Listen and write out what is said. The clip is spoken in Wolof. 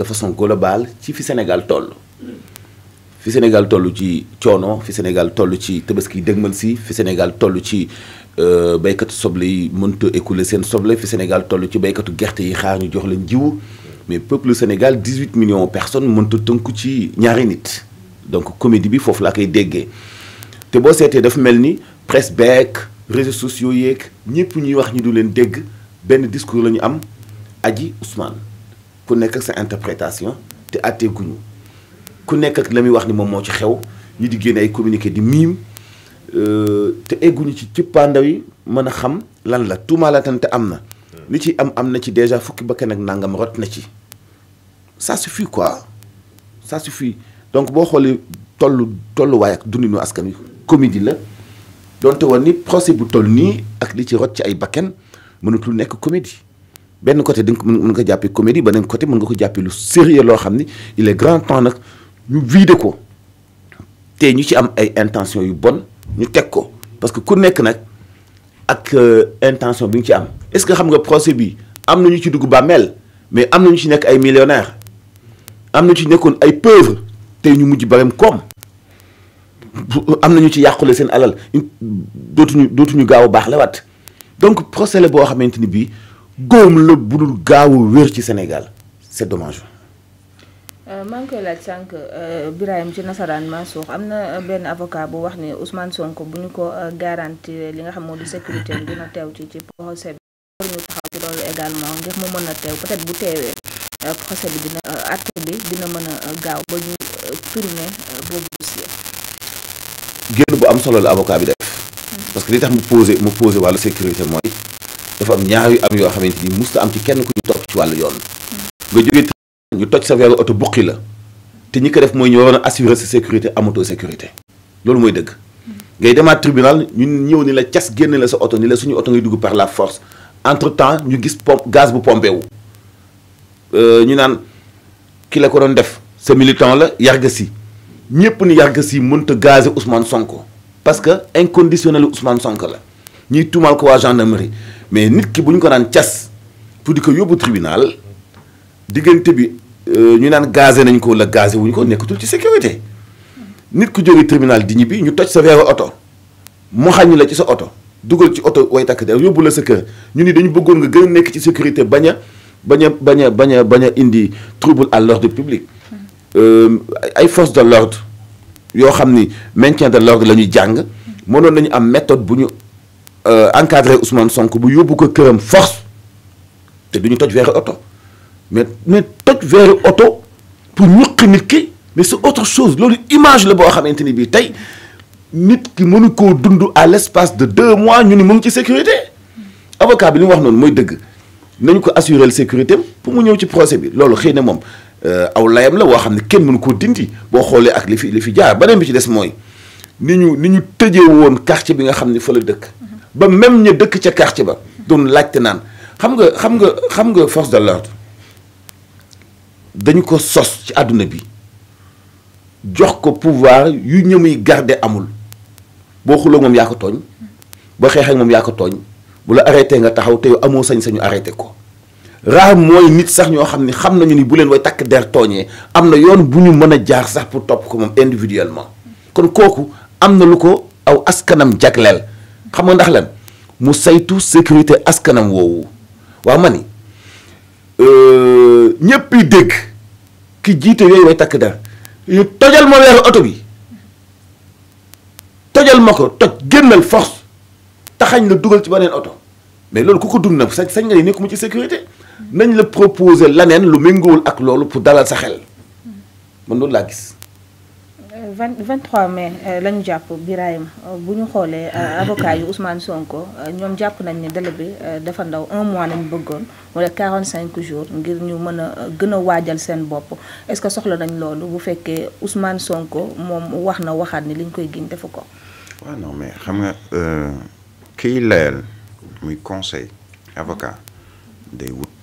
de façon globale ci fi Sénégal toll. fi Sénégal toll ci coono fi Sénégal toll ci tabaski dëgmal si fi Sénégal toll ci euh, béykatu soble yi mënta écouler seen soble fi Sénégal toll ci baykatu gerte yi xaar ñu jox leen jiw mais peuple Sénégal 18 million personnes mënta tënku ci ñaari nit donc comédie bi foofu laa koy déggee te boo seetee dafa mel ni presse beeg réseaux sociaux yeeg ñëpp ñuy wax ñu du leen dégg benn discours lañu ñu am aji Ousmane. ku nekk ak sa interprétation te àtteeguñu ku nekk ak la muy wax ni moom moo ci xew ñi di génne ay communiqué di miim euh, te egguñu ci cëppaandaw yi mën a xam lan la tuumaalatante am na li ci am am na ci déjà fukki bakkan ak nangam rot na ci ça suffit quoi ça suffit donc boo xoolee tollu tolluwaay ak dundinu askan wi comédie la donte woon ni procès bu toll nii ak li ci rot ci ay bakkan mënatul nekk comédie benn côté di nga ko mën nga ko jàppee comédie beneen côté mën nga ko jàppee lu sérieux loo xam ni il est grand temps nag ñu vider ko te ñu ci am ay intention yu bon ñu teg ko. parce que ku nekk nag ak euh, intention bi ñu ci am est-ce que xam nga procès bi am na ñu ci dugg bàmmeel mais am na ñu ci nekk ay millionnaires am na ci nekkoon ay pauvres tey ñu mujj barem koom am na ñu ci yàqule seen alal dootuñu dootuñu gaaw a baax la waat donc procès la boo xamante ni bii. góom la bu dul gaawu a wér ci Sénégal c'est dommage. Euh, maa ngi koy laaj sànq euh, Birahim ci nasaraan Mansour am na euh, benn avocat bu wax ne Ousmane sonk bu ñu ko garantir li nga xam moo di sécurité am dina teew ci ci procès bi ñu taxaw ci loolu également ngir mu mën a teew peut-être bu teewee procès bi dina acte bi dina mën a gaaw ba ñu tourner boobu dossier. génn bu am solo la avocat bi def. Hmm. parce que li tax mu posé mu posé wàllu sécurité mooy. dafa am ñaar yu am yoo xamante ni musta am ci kenn ku ñu topp ci wàllu yoon nga jógee ñu toj sa weeru oto buqi la te ñi ko def mooy ñu waroon assurer sa sécurité amatoo sécurité loolu mooy dëgg ngay demaat tribunal ñun ñëw ni la cas génne la sa oto ni la suñu oto ngay dugg par la force entre temps ñu gis pompe gaz bu pompé wu euh, ñu naan ki la ko doon def sa militant la yarga si ñëpp ni yarga si mënta gazer Ousmane Sonko parce que inconditionnel Ousmane Sonko la ñuy tuumaal ko waa gendarmerie mais nit ki bu ñu ko naan cas pour di ko yóbbu tribunal diggante bi euh, ñu naan gazé nañ ko la gazé wuñ ko nekkatul ci sécurité nit ku jógee tribunal di ñibbi ñu toj sa weeru oto mu xàññi la ci sa oto dugal ci oto way takk der yóbbu la sa kër ñu ni dañu bëggoon nga gën a nekk ci sécurité bañ a bañ a bañ a bañ a bañ a indi trouble à l'ordre public euh, ay force de l'ordre yoo xam ni maintien de l'ordre la ñuy jàng mënoon nañu am méthode bu ñu Euh, encadré Ousmane sonk bu yóbbu ko këram fors te du ñu toj weeri oto mais mais toj weeri oto pour ñuqi nit ki mais c'est autre chose loolu image la boo xamante ni bii tey nit ki mënu koo dund à l'espace de deux mois ñu ni mu ci sécurité avocat bi lu mu wax noonu mooy dëgg nañu ko assurer sécurité pour mu ñëw ci procès bi loolu xëy na moom euh, aw layam la woo xam ne kenn mënu koo dindi boo xoolee ak li fi li fi jaar beneen bi ci des mooy ni ñu ni ñu tëjee woon quartier bi nga xam ne fa dëkk ba même ñu dëkk ca quartier ba doon laajte naan xam nga xam nga xam nga force de l'ordre dañu ko sos ci àdduna bi jox ko pouvoir yu ñëmuy garder amul boo xuloo moom yaa ko tooñ boo xeexee moom yaa ko tooñ bu la arrêté nga taxaw te yow amoo sañ-sañu arrêté ko raar mooy nit sax ñoo xam ne xam nañu ni bu leen way takk der tooñee am na yoon bu ñu mën a jaar sax pour topp ko moom individuellement kon kooku am na lu ko aw askanam jagleel xam nga ndax lan mu saytu sécurité askanam woowu waaw ma ni euh, ñëpp yi dégg ki jiite yooyu way takk der ñu tojal ma weeru oto bi tojal ma ko toj génnal force taxañ la dugal ci beneen oto mais loolu ku ko dund nag sañ sañ nga ni nekku mu ci sécurité nañ la proposer laneen lu méngoowul ak loolu pour dalal sa xel man loolu laa gis vingt vingt trois mai euh, la ñu jàpp Birahim euh, bu ñu xoolee euh, avocat yu Ousmane Sonko ñoom jàpp nañ ni délai bi dafa ndaw un mois lañ bëggoon wala quarante cinq jours ngir ñu mën a gën a waajal seen bopp est-ce que soxla nañ loolu bu fekkee Ousmane Sonko moom wax na waxaat ni liñ koy giñ defu ko. waaw non mais xam nga kiy layal muy conseil avocat day wut.